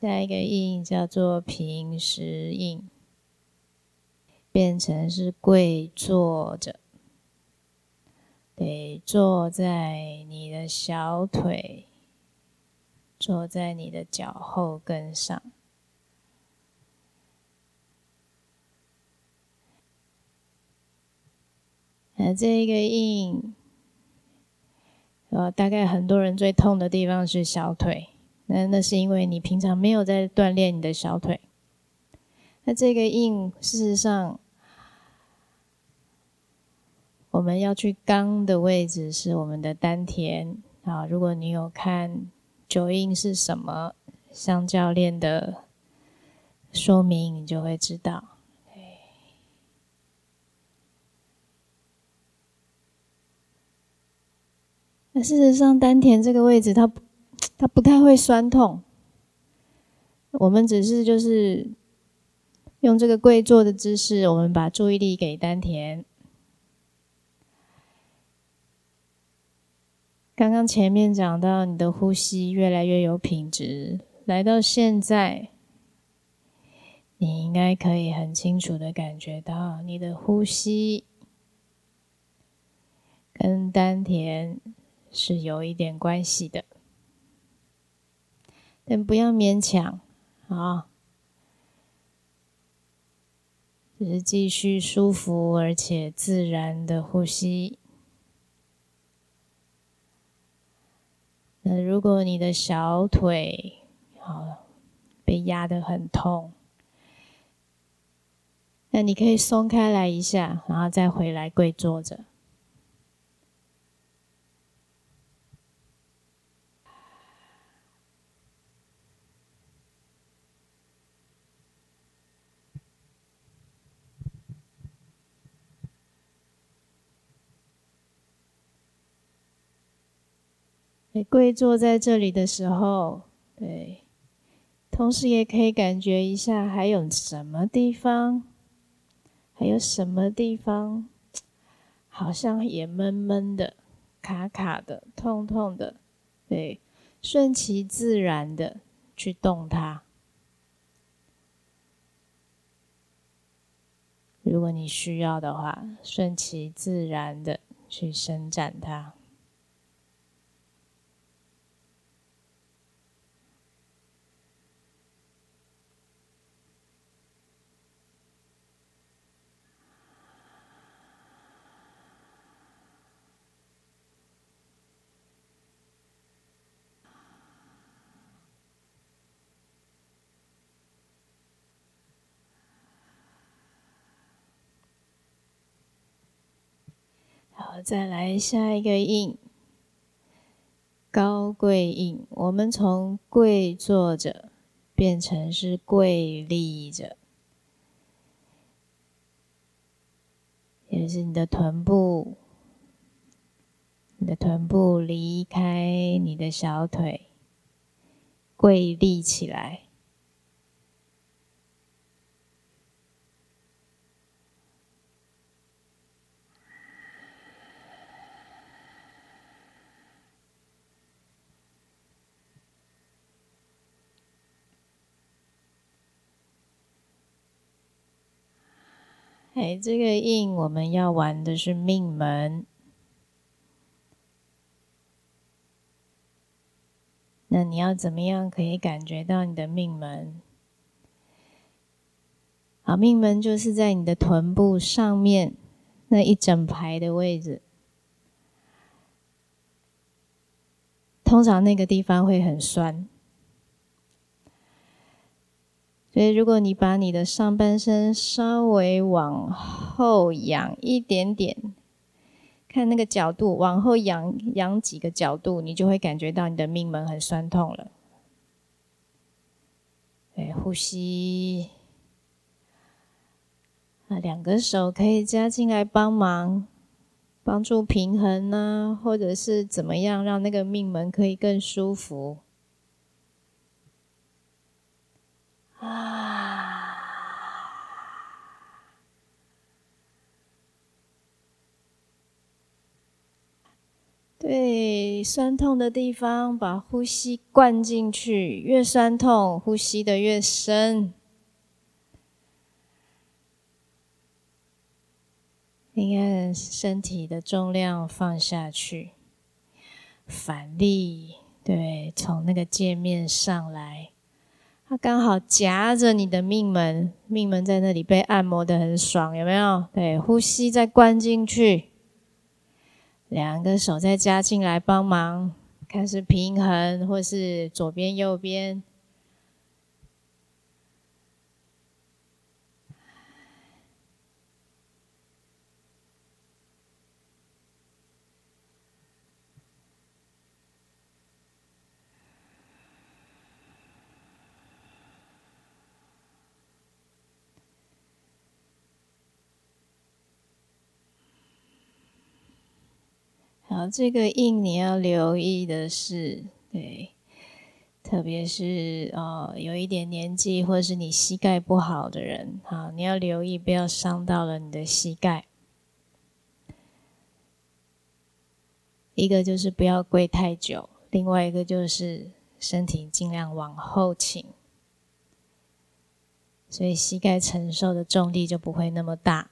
下一個印叫做平實印，變成是跪坐着，得坐在你的小腿，坐在你的腳後跟上。那這一個印，呃，大概很多人最痛的地方是小腿。那那是因為你平常沒有在鍛鍊你的小腿。那這個印，事實上，我們要去剛的位置是我們的丹田啊。如果你有看九印是什麼，像教練的說明，你就會知道。那事實上，丹田這個位置，它不。它不太會痠痛。我們只是就是用這個跪坐的姿勢，我們把注意力給丹田。剛剛前面講到，你的呼吸越來越有品質，來到現在，你應該可以很清楚的感覺到，你的呼吸跟丹田是有一點關係的。但不要勉強，好，只是繼續舒服而且自然的呼吸。那如果你的小腿好被壓得很痛，那你可以鬆開來一下，然後再回來跪坐着。哎，跪坐在這裡的時候，對，同時也可以感覺一下還有什麼地方，還有什麼地方，好像也悶悶的、卡卡的、痛痛的，對，順其自然的去動它。如果你需要的話，順其自然的去伸展它。再來下一個印，高貴印。我們從跪坐着變成是跪立着也是你的臀部，你的臀部離開你的小腿，跪立起來。哎，這個印我們要玩的是命門。那你要怎麼樣可以感覺到你的命門？好，命門就是在你的臀部上面那一整排的位置。通常那個地方會很酸。所以，如果你把你的上半身稍微往後仰一點點，看那個角度，往後仰仰幾個角度，你就會感覺到你的命門很酸痛了。哎，呼吸，啊，兩個手可以加進來幫忙，幫助平衡呢，啊，或者是怎麼樣讓那個命門可以更舒服。啊、對，痠痛的地方，把呼吸灌進去，越痠痛，呼吸得越深。你看，身體的重量放下去，反力，對，從那個界面上來。它剛好夾着你的命門，命門在那裡被按摩得很爽，有沒有？對，呼吸再灌進去，兩個手再加進來幫忙，開始平衡，或是左邊右邊。好，這個印你要留意的是，對，特別是哦，有一點年紀或是你膝蓋不好的人，好，你要留意不要傷到了你的膝蓋。一個就是不要跪太久，另外一個就是身體盡量往後傾，所以膝蓋承受的重力就不會那麼大。